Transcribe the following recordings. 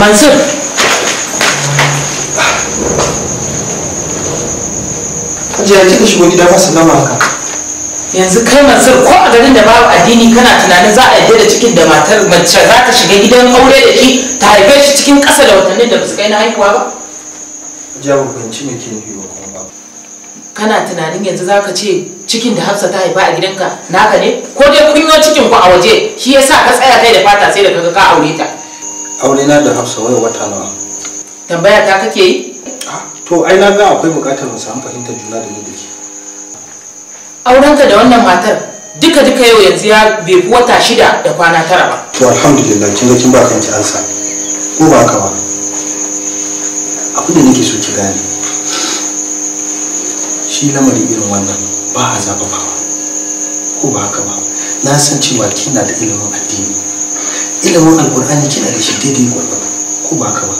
mansur hajiya ki ka shigo gida ka sallama ka yanzu kai mansur ko a garin da babu addini kana tunanin za a yarda da cikin da matar mace za ta shiga gidan aure da ki ta haife shi cikin ƙasa da watannin da ba su kai na haihuwa ba hajiya ban fahimci me ke ba kana tunanin yanzu za ka ce cikin da hafsa ta haifa a gidanka naka ne ko dai kunyo cikin ku a waje shi yasa ka tsaya kai da fata sai da kaga ka aure ta aure na da hafsa wai wata nawa tambaya ta kake yi to ai na ga akwai bukatar mu samu fahimtar juna da ni aurenka da wannan matar duka duka yau yanzu ya be wata shida da kwana tara ba to alhamdulillah kin ga kin ba kanki ansa ko ba haka ba abu da nake so ki gane shi lamari irin wannan ba a zafafawa ko ba haka ba na san cewa kina da ilimin addini ilimin alkur'ani kina da shi daidai gwargwado ko ba ka ba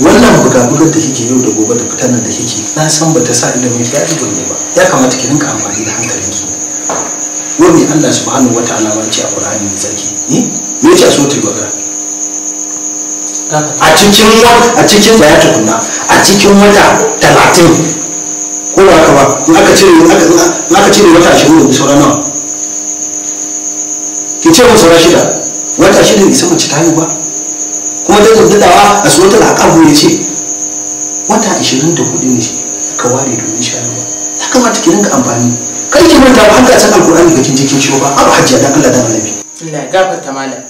wannan bugabugar da kike yau da gobe da fitar da kike na san ba ta sa ilimin ya ya ne ba ya kamata ki rinka amfani da hankalinki wani Allah subhanahu wa ta'ala ma ce a Qur'ani mai tsarki ni hmm? me yake a suratul baqara a cikin a cikin da ya tukunna a cikin wata talatin ko ba ka ba in aka cire in aka cire wata ashirin da sauran nawa ki ce mu sauran shida wata shi ne isa mace ta yi ba kuma da zandudawa a wata aƙabu ya ce wata da 24 ne ka ware domin shayarwa ya kamata ki rinka amfani kai ki manta ba hanga san alkur'ani ga kin kin shigo ba abu hajji da Allah da malami Allah ya gafarta malam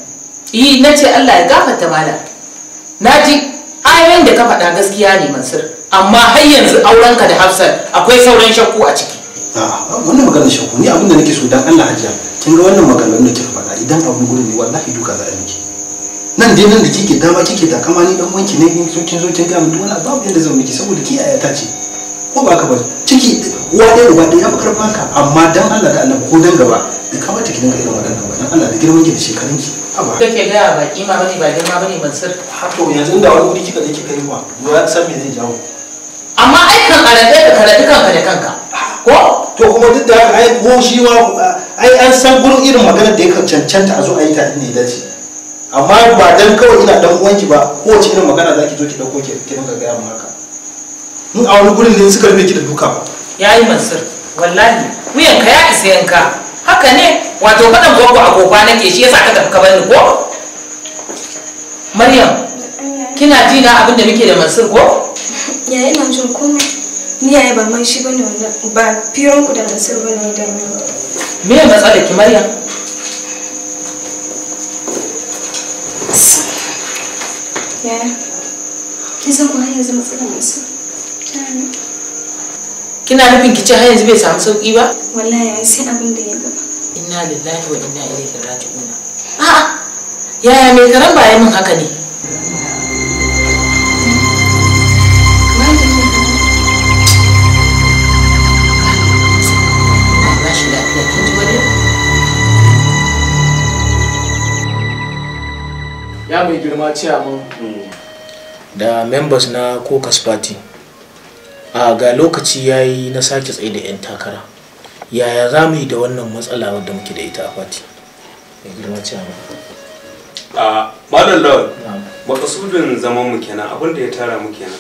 eh nace Allah ya gafarta malam naji ayoyin da ka faɗa gaskiya ne Mansur amma har yanzu aurenka da Hafsat akwai sauran shakku a ciki wannan maganar shakku ni abinda nake so dan Allah hajiya kin ga wannan maganar da kika faɗa idan abun gurin ne wallahi duka za a miki nan dai nan da kike dama kike da kama ni dan wanki ne in so kin zo kin ga mun duk wani babu yanda zan miki saboda ki ayata ce ko ba ka ba ciki uwa dai uba dai ya fi ka amma dan Allah da Allah ko dan gaba kama ta ki dinga irin wannan ba dan Allah da girman ki da shekarun ki haba kake ga ba kima bane ba girma bane ban sir hato yanzu da wani guri kika da kika yi wa ya san me zai jawo amma ai kan karaɗe da karaɗe kanka da kanka ko to kuma duk da haka ai ko shi ma ai an san gurin irin maganar da ya cancanta a zo a yi ta ne da ce amma ba dan kawai ina dan uwanki ba kowace irin magana za ki zo ki dauko ki ki dinga gaya maka haka a wani gurin ne suka rufe ki da duka ba yayi mansur wallahi wuyan ka ya isa yanka haka ne wato kadan gogo agoba nake shi yasa ka tafi ka bani ko maryam kina ji na abin da muke da mansur ko yayi ina jin komai ni yayi ba man shi bane wannan ba fiyon ku da Mansur bane wanda ne me ya matsala ki Maryam ya kin san ko har yanzu matsalar Mansur kina nufin ki ce har yanzu bai samu sauki ba wallahi sai abin da ya gaba inna lillahi wa inna ilaihi raji'una a'a yaya mai karan ba min haka ne mai girma da members na kokas party a ga lokaci ya yi na sake tsaye da 'yan takara yaya za mu yi da wannan matsala wadda muke da ita a party mai girma ciyaman a malam lawan makasudin zaman mu kenan abin da ya tara mu kenan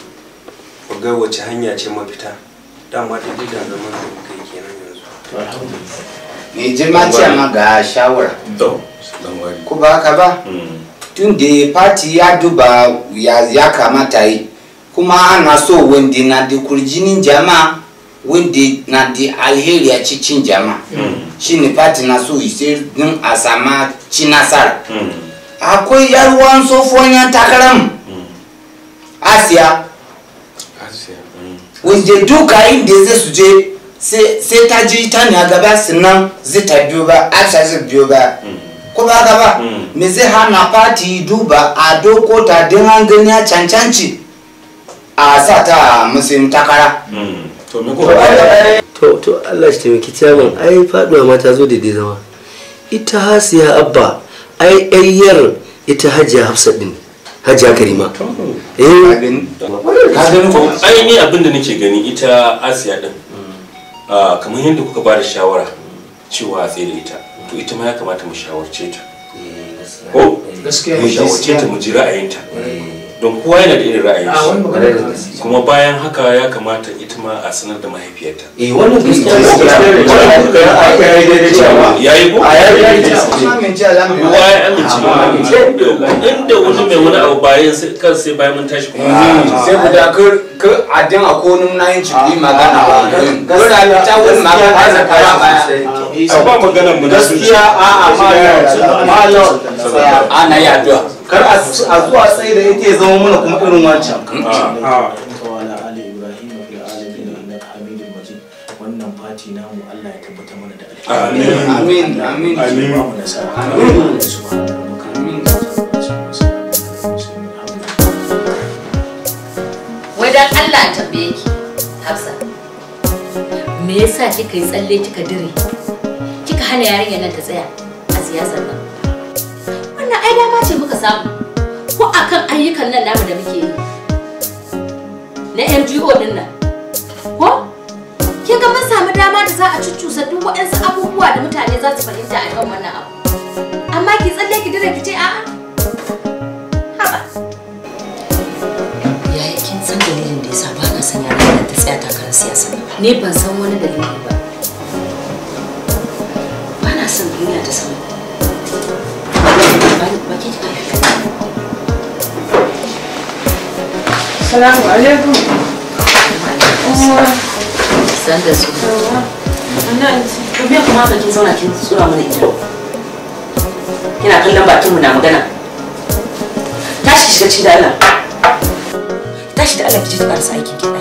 ku ga wace hanya ce mafita ma da gidan zaman da muka yi kenan yanzu mai girma ciyaman ga shawara ku ba ka ba mm. tunde party ya duba ya kamata yi kuma ana so wanda na da kurjinin jama'a wanda na da alheri a cikin jama'a mm. shi ne party na so sai din a sama ci nasara mm. akwai yaruwan sofon yan takaram mm. asiya wanda duka inda zai suje sai ta ji ta ne a gaba sannan zai ta biyo ba a biyo ba ko ba haka ba hmm. me zai hana fati duba a doko ta don an ya cancanci a sa ta musulun takara hmm. to to Allah shi taimaki ciyaman ai faduwa ma ta zo daidai zama ita hasiya abba ai yayyar ita hajiya hafsa din hajiya karima eh ai ni abin da nake gani ita asiya din hmm. ah, kamar yadda kuka ba da shawara cewa sai da ita to ita ma ya kamata mu shawarce ta eh, ko eh, mu shawarce ta mu ji ra'ayinta eh. don kowa yana da irin ra'ayin ah, kuma bayan haka ya kamata ita ma a sanar da mahaifiyarta eh wannan gaskiya ya yi ko a yi ya yi kowa ya amince inda wani mai wani abu bayan kan sai bayan mun tashi kuma ah, hmm, sai ku da kar kar adin a konum na a cikin magana ba ah, hmm. gaskiya ta wani magana a kara baya hmm. ba a mu gaskiya a'a a malam ana yaduwa kar a zuwa tsaye da yake zama mana kuma irin wancan ah. Ah. wannan Allah ya tabbata mana da amin amin amin amin dan Allah tambaye ki Hafsa me yasa kika yi tsalle kika dire kika hana yarinya nan ta tsaya a siyasar nan samu ko akan ayyukan nan namu da muke yi na NGO din nan ko kin ga mun samu dama da za a cuccusa duk waɗansu abubuwa da mutane za su fahimta a kan wannan abu amma ki tsalle ki dire ki ce a haba yayi kin san dalilin da yasa ba na sanya ranar ta tsaya kan siyasa ne ban san wani dalili ba Assalamu alaikum. San su. kin zauna kin tsura mana ido. Kina kallon batun na magana. Tashi shiga cikin da Allah. Tashi da Allah ki aikin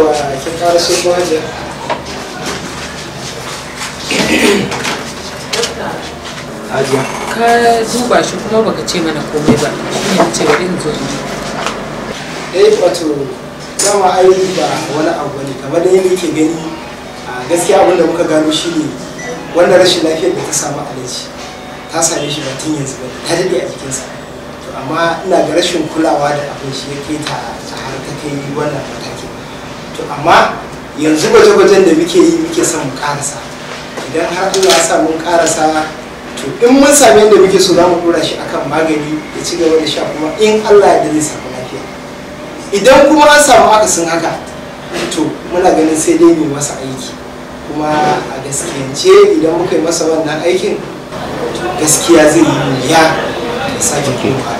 yawwa kin ƙara ka duba shi kuma baka ce mana komai ba shi ne ce wani in zo in eh wato dama ai ba wani abu ne kamar da yake gani a gaskiya abin da muka gano shine wannan rashin lafiyar da ta samu alaji ta same shi ba tun yanzu ba ta daɗe a jikinsa to amma ina ga rashin kulawa da abin shi ya ta har ta kai wannan mataki to amma yanzu gwaje-gwajen da muke yi muke son mu karasa idan har Allah ya sa mun karasa to in mun sami yadda muke so za mu dora shi akan magani ya ci gaba da sha kuma in Allah ya zai samu lafiya idan kuma an samu akasin haka to muna ganin sai dai mu masa aiki kuma a gaskiyance idan muka yi masa wannan aikin gaskiya zai yi ya sake kuma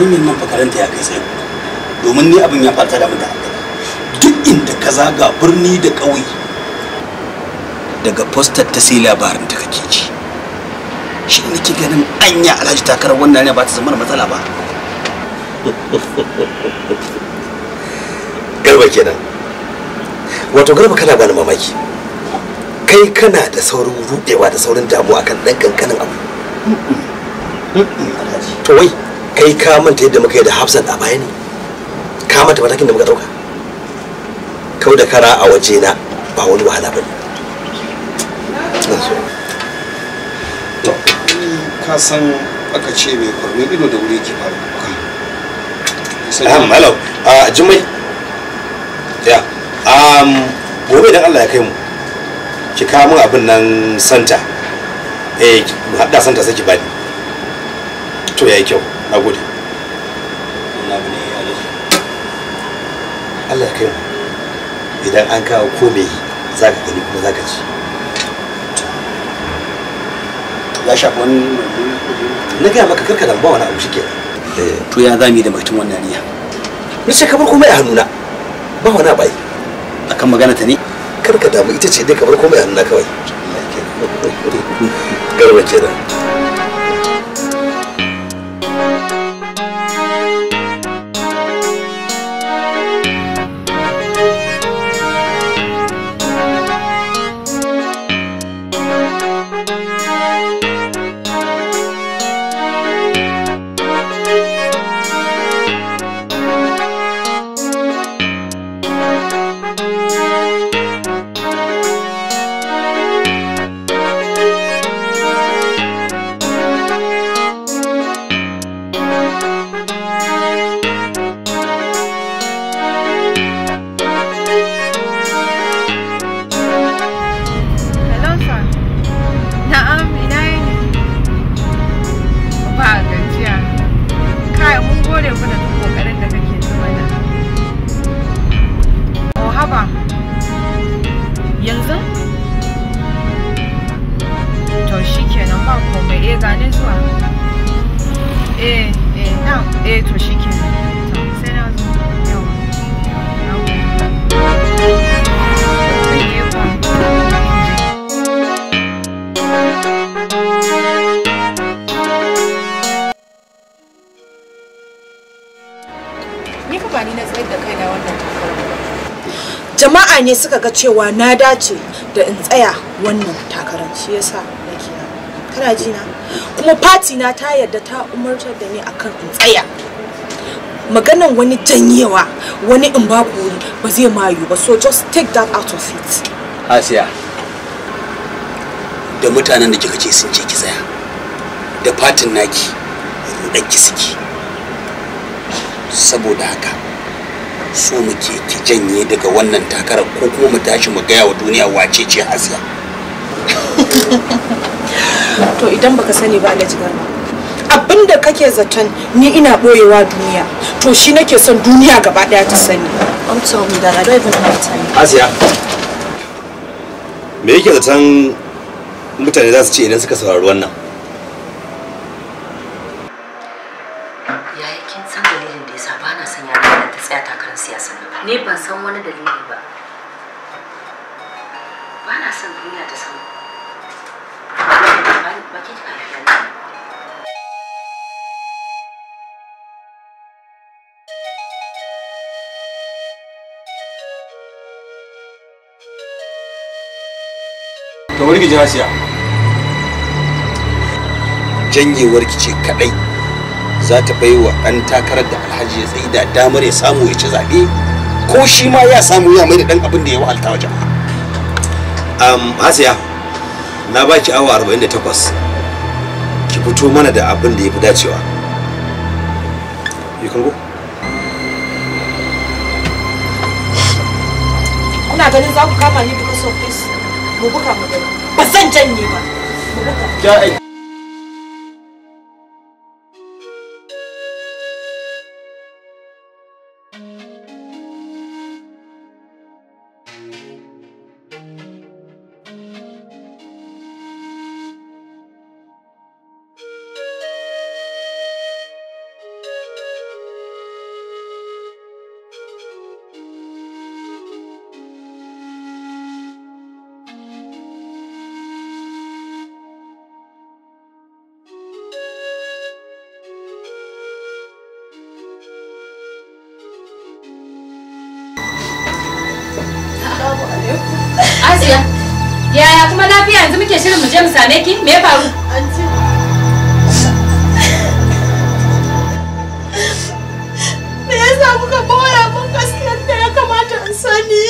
yarinyar nan fakaranta ya kai tsaye domin ni abin ya fata da mu da duk inda ka zaga birni da ƙauye daga postar ta sai labarin ta kake ji shi nake ganin anya alhaji takarar wannan ne ba ta zama matsala ba garba kenan wato garba kana bani mamaki kai kana da saurin rudewa da saurin damuwa kan dan kankanin abu to wai kai ka manta yadda muka yi da hafsat a baya ne ka manta matakin da muka dauka kau da kara a waje na ba wani wahala ba ne ka san aka ce mai kwarmin ido da wuri ke faru ah, hello a ah, jimai ya gobe don allah ya kai mu ki kawo min abin nan santa eh haɗa santa sai ki bani to yayi kyau na gode Allah ya kai mu idan an kawo komai za ka gani kuma za ka ci ya shafi wani na gaya maka karka da ba wani abu shike eh, to ya zami da mutum wannan riya ni ce kamar komai a hannuna ba wani abai akan magana ta ne karka damu ita ce dai kamar komai a hannuna kawai garba kenan na to jama'a ne suka ga cewa na dace da in tsaya wannan takarar shi yasa kuma fati na ta yarda ta umartar da ni akan in tsaya maganan wani janyewa wani in ba ba zai mayu ba so just take that out of it asiya da mutanen da kika ce sun ce ki tsaya da fatin naki ki siki saboda haka so muke ki janye daga wannan takarar ko kuma mu tashi mu gaya wa duniya wace ce asiya to idan baka sani ba alhaji garba abin da kake zaton ni ina boyewa duniya to shi nake son duniya gaba daya ta sani i'm sorry that i don't even have time asiya me yake zaton mutane za su ce idan suka saurari wannan yayi kin san dalilin da yasa bana son yarinya ta tsaya takarar siyasa ne ban san wani dalili ba ga wargijin hasiya janyewar ki ce kadai za ta bai wa ɗan takarar da alhaji ya tsaye da damar ya samu ya ci zaɓe ko shi ma ya samu ya mai da ɗan abin da ya wahalta wa jama'a hasiya na ba ki awa 48 ki fito mana da abin da ya fi dacewa kuna ganin za ku kama ni because so. this mu buga mu gani ba zan janye ba mu buga same ki me ya faru me yasa kuka boya mun gaskiyar da ya kamata in sani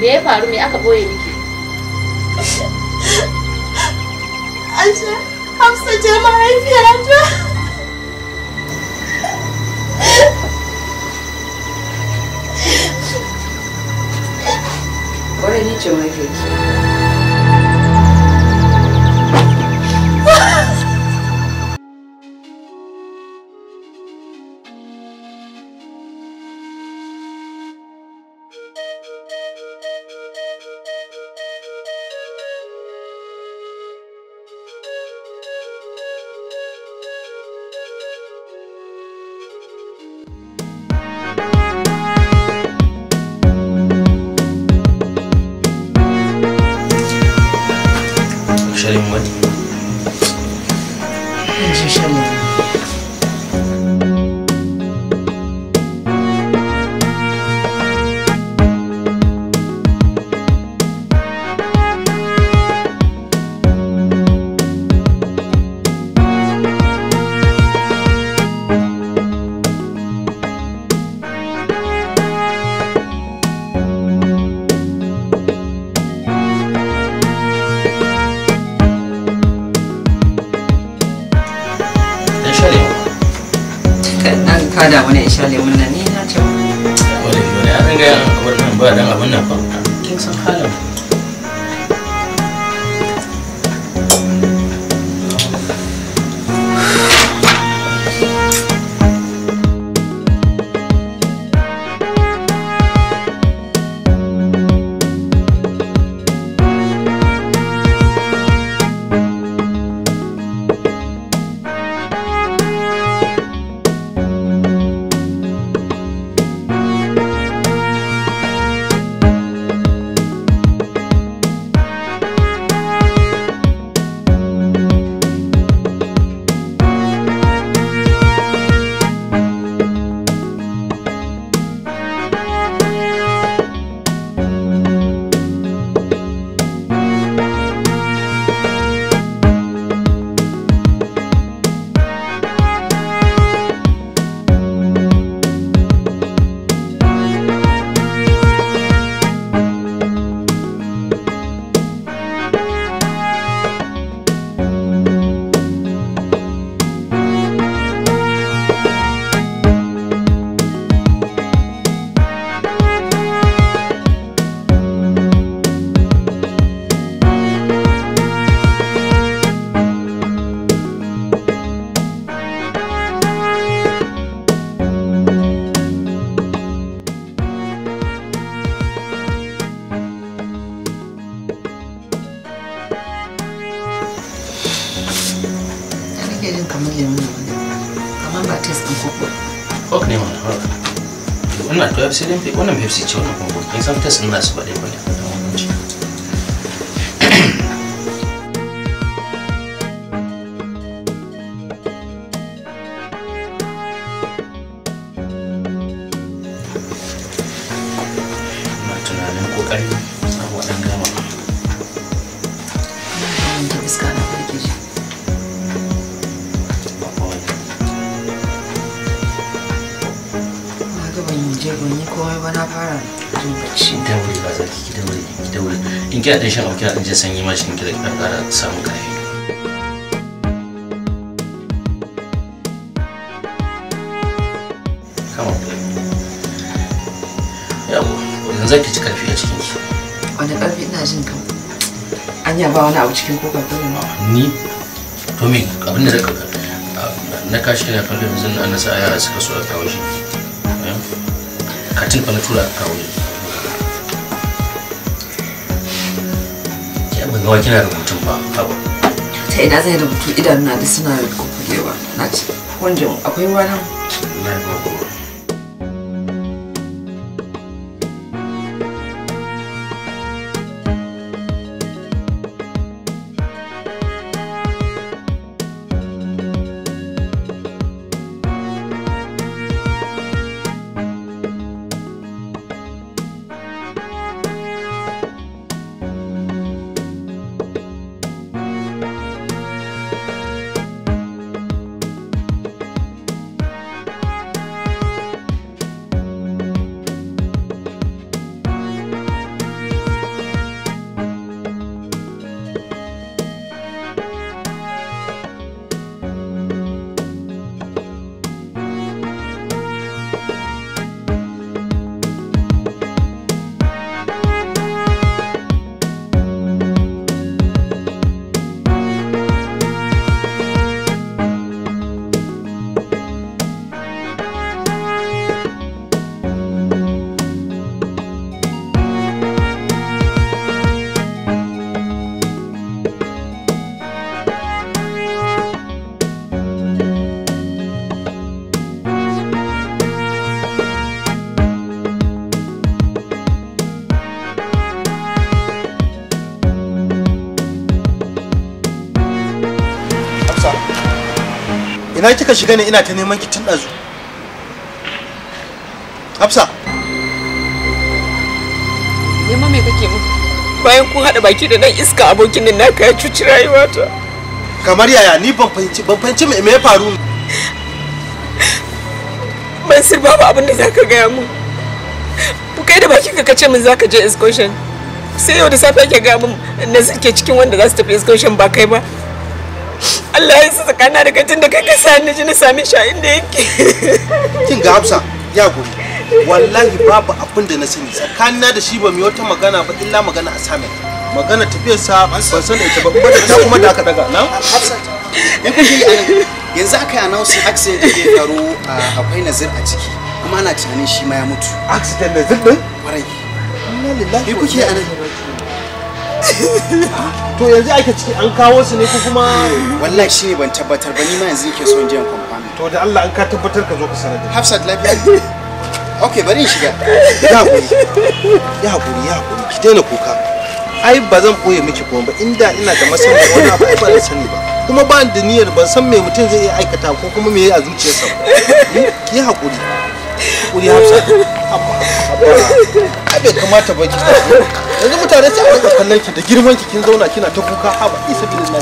me ya faru me aka boye miki Asha, Hafsa ce mahaifiyata. sha lemun nan ni na ce wani ne an gaya abar nan ba dan abin nan fa kin san halin pepsi din wannan pepsi ce wannan kuma kin san test din nasu ba dai bane ni daure ba za ki daure ki daure in kina dan shan abu sanyi cikin da kara a cikin ki wani karfi ina jin cikin ni to me abin da zaka na kashi na farko yanzu na sa aya suka so a kawo shi eh? ka na tura a ban gawa kina rubutun ba abu ta ina zai rubutu idanuna da suna kukulewa na ce wanda akwai wani ina kika shiga ne ina ta neman ki tun ɗazu hafsa nema me kake mu bayan kun haɗa baki da nan iska abokin nan naka ya cuci rayuwata kamar yaya ni ban fahimci ban fahimci me ya faru Mansur babu abin da zaka gaya mu kai da baki ka kace min zaka je excursion sai yau da safe ake gaya mun na suke cikin wanda za su tafi excursion ba kai ba Allah ya isa tsakana da kai tunda kai ka sa ni ji na sami sha inda yake kin ga Hafsa ya gobe wallahi babu abin da na sani tsakana da shi ba mu wata magana ba illa magana a same magana tafiyar sa ban san da ita ba ba ta kuma da aka daga na Hafsa in kun yi anan yanzu aka yi nausi accident da ke faru akwai nazir a ciki kuma ana tunanin shi ma ya mutu accident nazir din kwarai Allah lillahi wa inna ilaihi raji'un to yanzu ake ciki an kawo su ne ko kuma wallahi shi ne ban tabbatar ba ni ma yanzu nake so in je in kwamfani to da Allah an ka tabbatar ka zo ka sanar da Hafsat lafiya ok bari in shiga ya hakuri ya hakuri ya hakuri ki daina kuka ai ba zan koye miki kuma ba inda ina da masana wani abu ba zan sani ba kuma ba da niyyar ban san me mutum zai iya aikata ko kuma me a zuciyarsa ki hakuri hakuri Hafsat abba abba kamata ba ki yanzu mutane sai a kallon ki da girman ki kin zauna kina ta kuka haba isa kina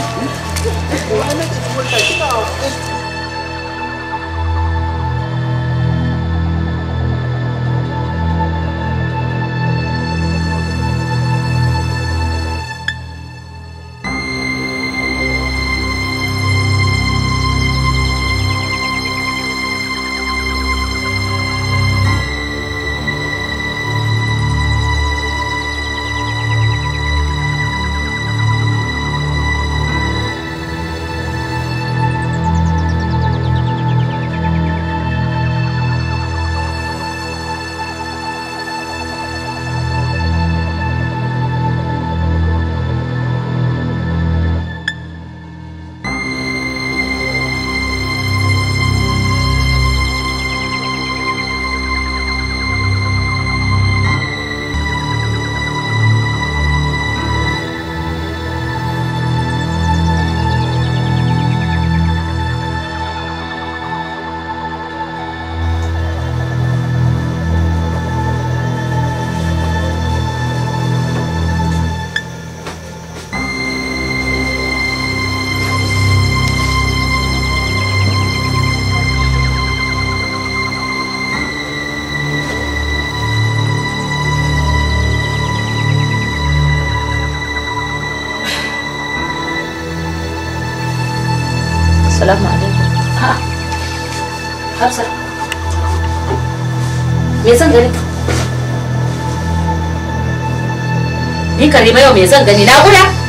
没有名声？给你来不娘。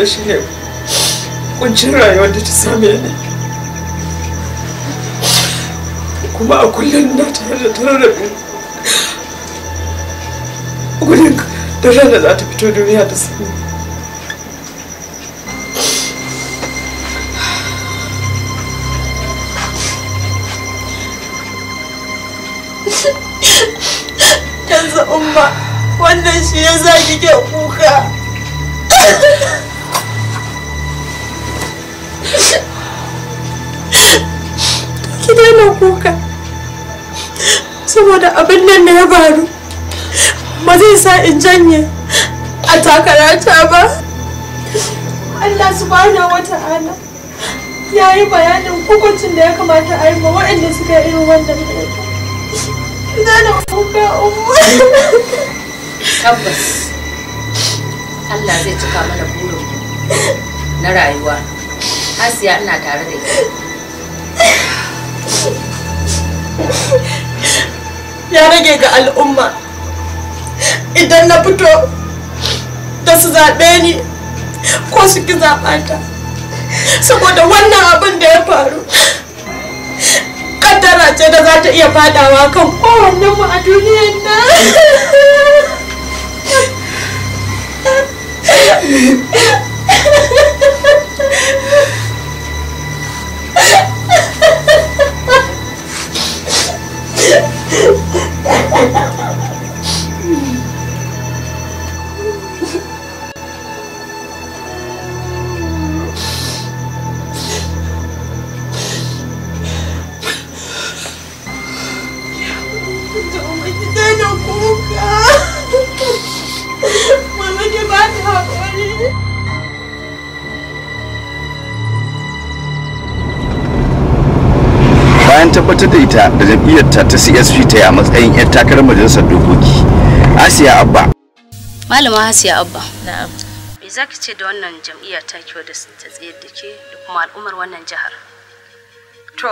wannan shi ne kuncin rayuwar da ta same ni kuma a kullum na tare da tararrabe gudun da rana za ta fito duniya da sani yanzu umma wannan shi ya zagi ke kuka na kuka saboda abin nan da ya faru ba zai sa in janye a takarata ba Allah subhanahu wata'ala ya yi bayanin hukuncin da ya kamata a yi ma waɗanda suka yi irin wannan na da kuka umma tabbas Allah zai cika mana burin na rayuwa Asiya ina tare da ke. ya rage ga al'umma idan na fito da su zaɓe ni ko su ki zaɓata saboda wannan abin da ya faru kaddara ce da za ta iya fadawa kan kowannen mu a duniyar nan tabbatar da ita da jam'iyyarta ta csp ta yi a matsayin 'yan takarar majalisar dokoki asiya abba malama asiya abba na'am me za ki ce da wannan jam'iyya ta kiwa da ta tsayar da ke da kuma al'ummar wannan jihar to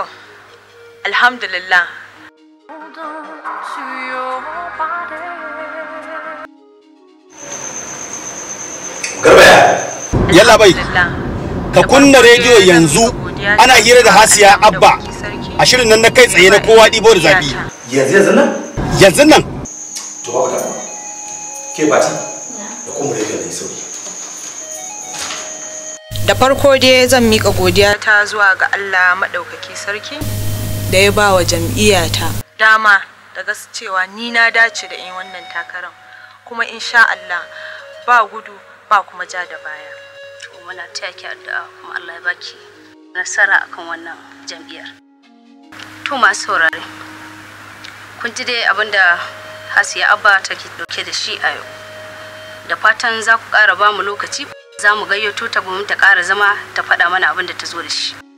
alhamdulillah Garbaya! Yalla bai! Ka kunna rediyo yanzu ana hira da hasiya abba a shirin nan na kai tsaye na kowa ɗibo da zaɓi. yanzu yanzu nan yanzu nan to ba da ke ta da kuma da sauri da farko dai zan mika godiya ta zuwa ga Allah maɗaukaki sarki da ya ba wa jam'iyyata dama da cewa ni na dace da yin wannan takarar kuma insha Allah ba gudu ba kuma ja da baya. muna taya ki addu'a kuma Allah ya baki nasara akan wannan jam'iyyar to masu saurare kun ji dai abin da hasiya abba ta ke dauke da shi a yau da fatan za ku ƙara ba mu lokaci za mu gayyato ta domin ta ƙara zama ta faɗa mana abin da ta zo da shi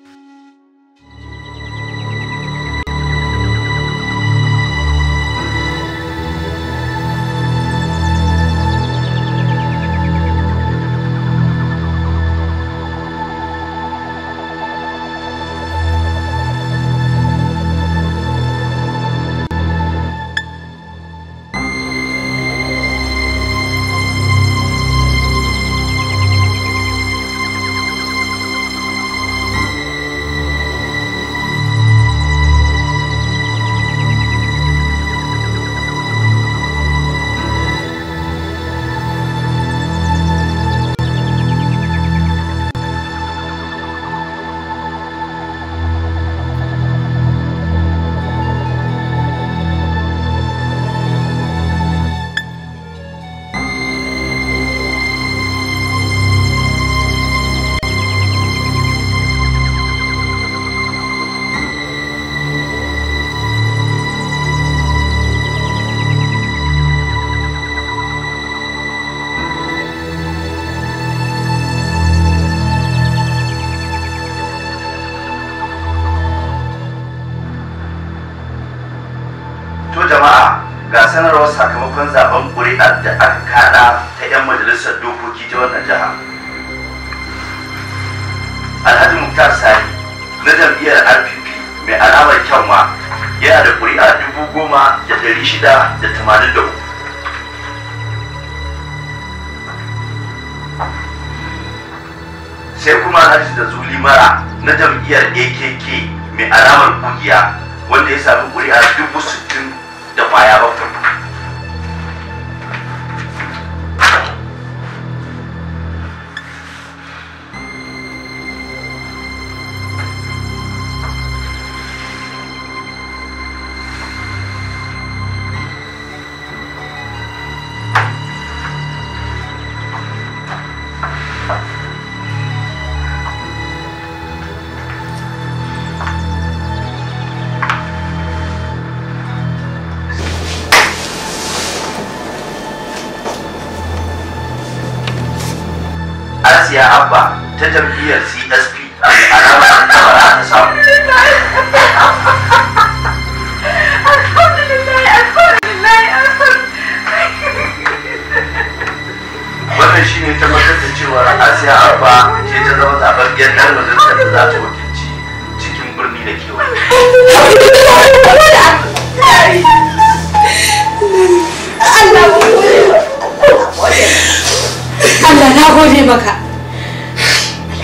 hajiya abba ta jam'iyyar csp a ranar da ba ta samu wannan shi ne tabbatar da cewa asiya abba ce ta zama zaɓaɓɓiyar ɗan majalisar da za ta wakilci cikin birni da kewaye Allah na gode maka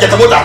ya te